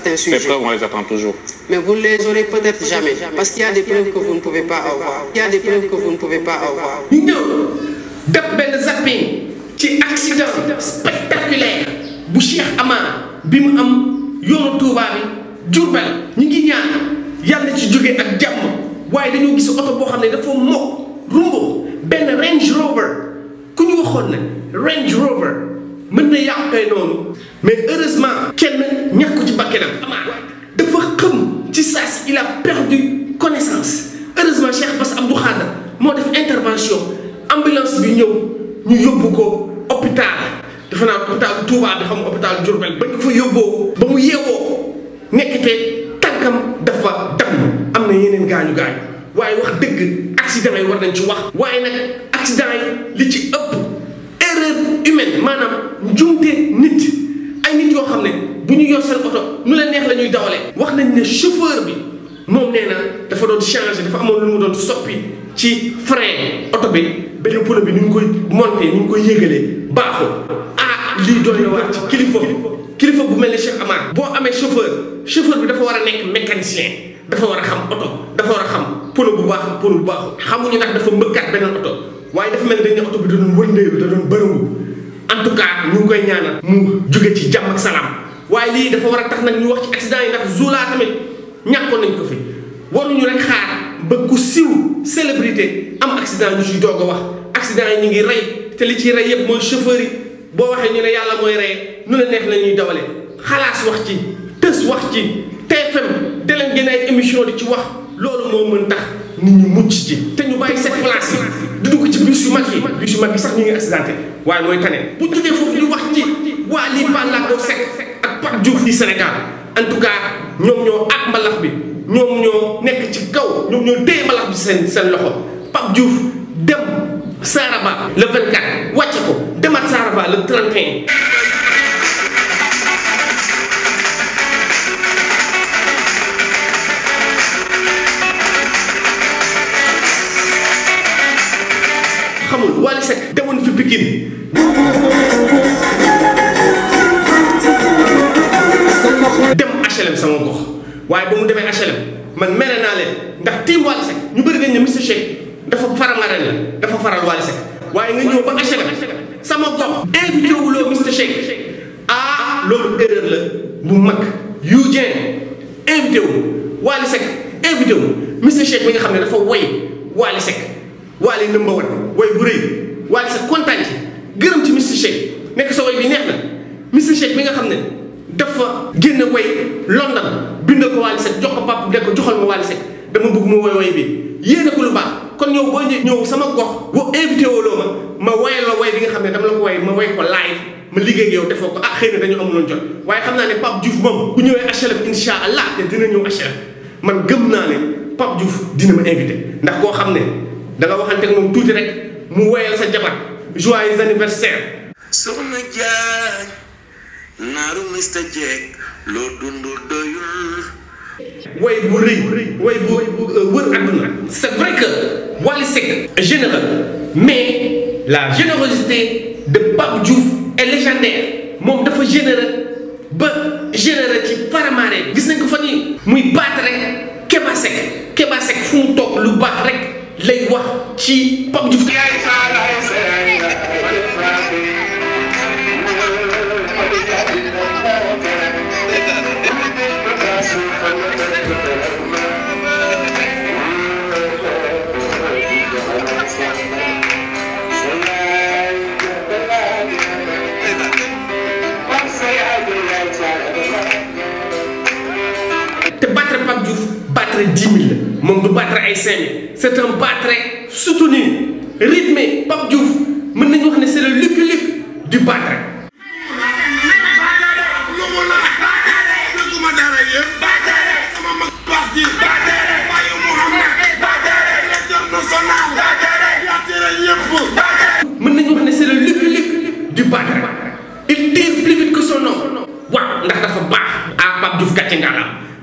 peut un sujet. on les attend toujours. Mais vous les aurez peut-être jamais, parce qu'il y a des preuves que vous ne pouvez pas avoir. Il y a des preuves que vous ne pouvez pas avoir. Non def benn zapping accident spectaculaire bu Cheikh Amar Bim am yoonu Touba bi Diourbel Yann ngi ñaan yàlla ci jóge ak jàmm waaye dañoo gis oto boo xam Range Rover ku ñu Range Rover mais heureusement kenn n'y ci il a perdu connaissance heureusement Cheikh Bass Abdou intervention ambulance bi hôpital Il hôpital Touba hôpital Diourbel fa ba mu Il que Il a wax accident yi war nañ ci wax accident yi li maanaam njuumte nit ay nit yoo xam ne bu ñu yor seen oto nu la neex la ñuy dawalee. wax nañ ne chauffeur bi moom nee na dafa doon changer dafa amoon lu mu doon soppi ci frein oto bi benn pono bi ni ñu koy monter ni ñu koy yëgalee baaxul ah lii doy na waar ci kilifa kilifa bu mel ne Cheikh Amar. boo amee chauffeur chauffeur bi dafa war a nekk mécanicien dafa war a xam oto dafa war a xam pono bu baax pono bu baaxul xamuñu ndax dafa mbëkkaat beneen oto waaye dafa ne oto bi da doon wëndeelu da en tout cas ñu ngi koy ñaanal mu jóge ci jàmm ak salaam waaye lii dafa war a tax nag ñu wax ci accident yi ndax Zoula tamit ñàkkoon nañ ko fi waruñu rek xaar ba ku siiw célébrité am accident ñu ci doog a wax accident yi ñu ngi rey te li ci rey yëpp mooy chauffeur boo waxee ñu ne yàlla mooy rey nu la neex la ñuy dawale xalaas wax ci tës wax ci TFM da leen gën ay émission di ci wax loolu moo mën tax nit ñi mucc ci mag yi bisu mag yi sax ñu ngi accidenté waaye mooy tane bu ñu tuddee foofu ñu wax ci waa lii Ballago Seck ak Pape Diouf di Sénégal en tout cas ñoom ñoo ak mbalax bi ñoom ñoo nekk ci kaw ñoom ñoo téye mbalax bi seen seen loxo Pape Diouf dem Saraba le 24 wàcce ko demaat Saraba la 31. Wally Seck demoon fi Pikine sama gox waaye ba mu demee HLM man mere naa leen ndax tiim Wally ñu bari nañ ne Mister Shake dafa faramare la dafa faral Wally Seck waaye nga ñëw ba HLM sama gox invité wuloo Mister Shake ah loolu erreur la bu mag yu jeen invité wu Wally Seck Shake bi nga xam ne dafa woy Wally Seck Wally number one way bu rëy waaye sa kontaan ci gërëm ci Mister Shake nekk sa way bi neex na Mister bi nga xam ne dafa génn way London bindal ko Wally Seck jox ko papa de ko joxal ma Wally Seck dama bëgg mu woy way bi yéene ko kon yow boo ñëw sama gox boo invité wooloo ma ma woyal la way bi nga xam ne dama la ko way ma way ko live ma liggéey ak yow defoo ko ah xëy na dañu amuloon jot waaye xam naa ne Pape Diouf moom bu ñëwee HLM insha allah te dina ñëw HLM man gëm naa ne Pape Diouf dina ma invité ndax koo xam ne da nga waxante ak moom tuuti rek mu woyal sa jabar joyeux anniversaire. soxna Diagne naaru mister Jack lo dund doyul. way bu ri way bu euh, wër aduna c'est vrai que wali sek général généreux mais la générosité de Pape Diouf est légendaire mom dafa généreux ba généreux ci paramaré gis nañ ko fa nii muy baat rek Keba Seck Keba fu mu lu bax rek. lay wax ci Pape Diouf te battre Pape Diouf battre 10 000 mon du battre 5 000 C'est un battre soutenu rythmé Pape Diouf mën nañu le Lucky du battre. mën nañu wax le Lucky du battre il tire plus vite que son nom waaw ndax dafa baax. Ah, Pape Diouf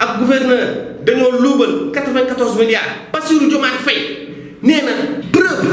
ak gouverneur dañoo luubal 94 milliards Bassirou Diomaye fay nee na preuve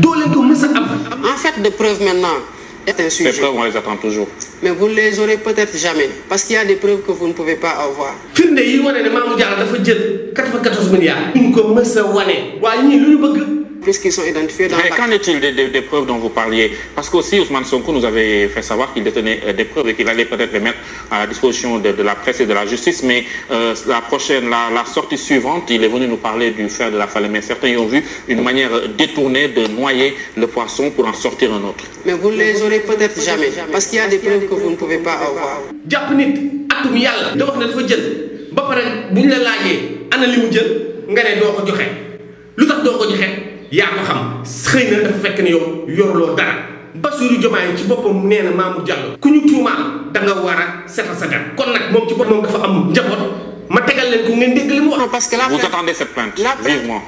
doo leen ko mës a am. en fait de preuve maintenant. est un sujet. Ces preuves, on les attend toujours. Mais vous ne les aurez peut-être jamais, parce qu'il y a des preuves que vous ne pouvez pas avoir. firnde yi wane ne Mamour Diallo dafa jël 94 milliards. ils ko mës a wane. waaye ñii bëgg puisqu'ils sont identifiés dans Mais qu'en est-il des, preuves dont vous parliez Parce qu'aussi Ousmane Sonko nous avait fait savoir qu'il détenait euh, des preuves et qu'il allait peut-être les mettre à la disposition de, la presse et de la justice, mais euh, la prochaine, la, sortie suivante, il est venu nous parler du fer de la mais Certains y ont vu une manière détournée de noyer le poisson pour en sortir un autre. Mais vous ne les aurez peut-être jamais, parce qu'il y a des preuves que vous ne pouvez pas avoir. ba pare la vous attendez cette plainte.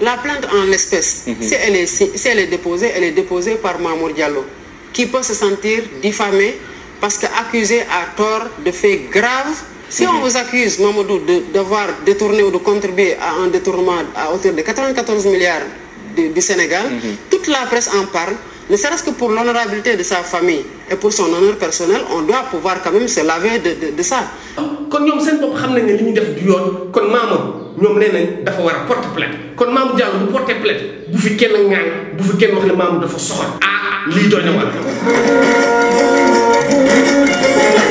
la plainte en espèce, mhm. si elle est elle est déposée elle est déposée par Mamour Diallo qui peut se sentir diffamé parce qu'accusé à tort de faits graves. si mhm. on vous accuse Mamadou de d'avoir détourné ou de contribuer à un détournement à hauteur de 94 milliards du, Sénégal. Mhm. Toute la presse en parle. Ne serait-ce que pour l'honorabilité de sa famille et pour son honneur personnel, on doit pouvoir quand même se laver de, de, de ça. Quand nous savons que nous avons du yon, quand maman, nous avons porter plainte. Quand maman dit nous porter plainte, vous faites qu'elle n'aille, vous faites qu'elle n'aille, maman de faire Ah, l'idole de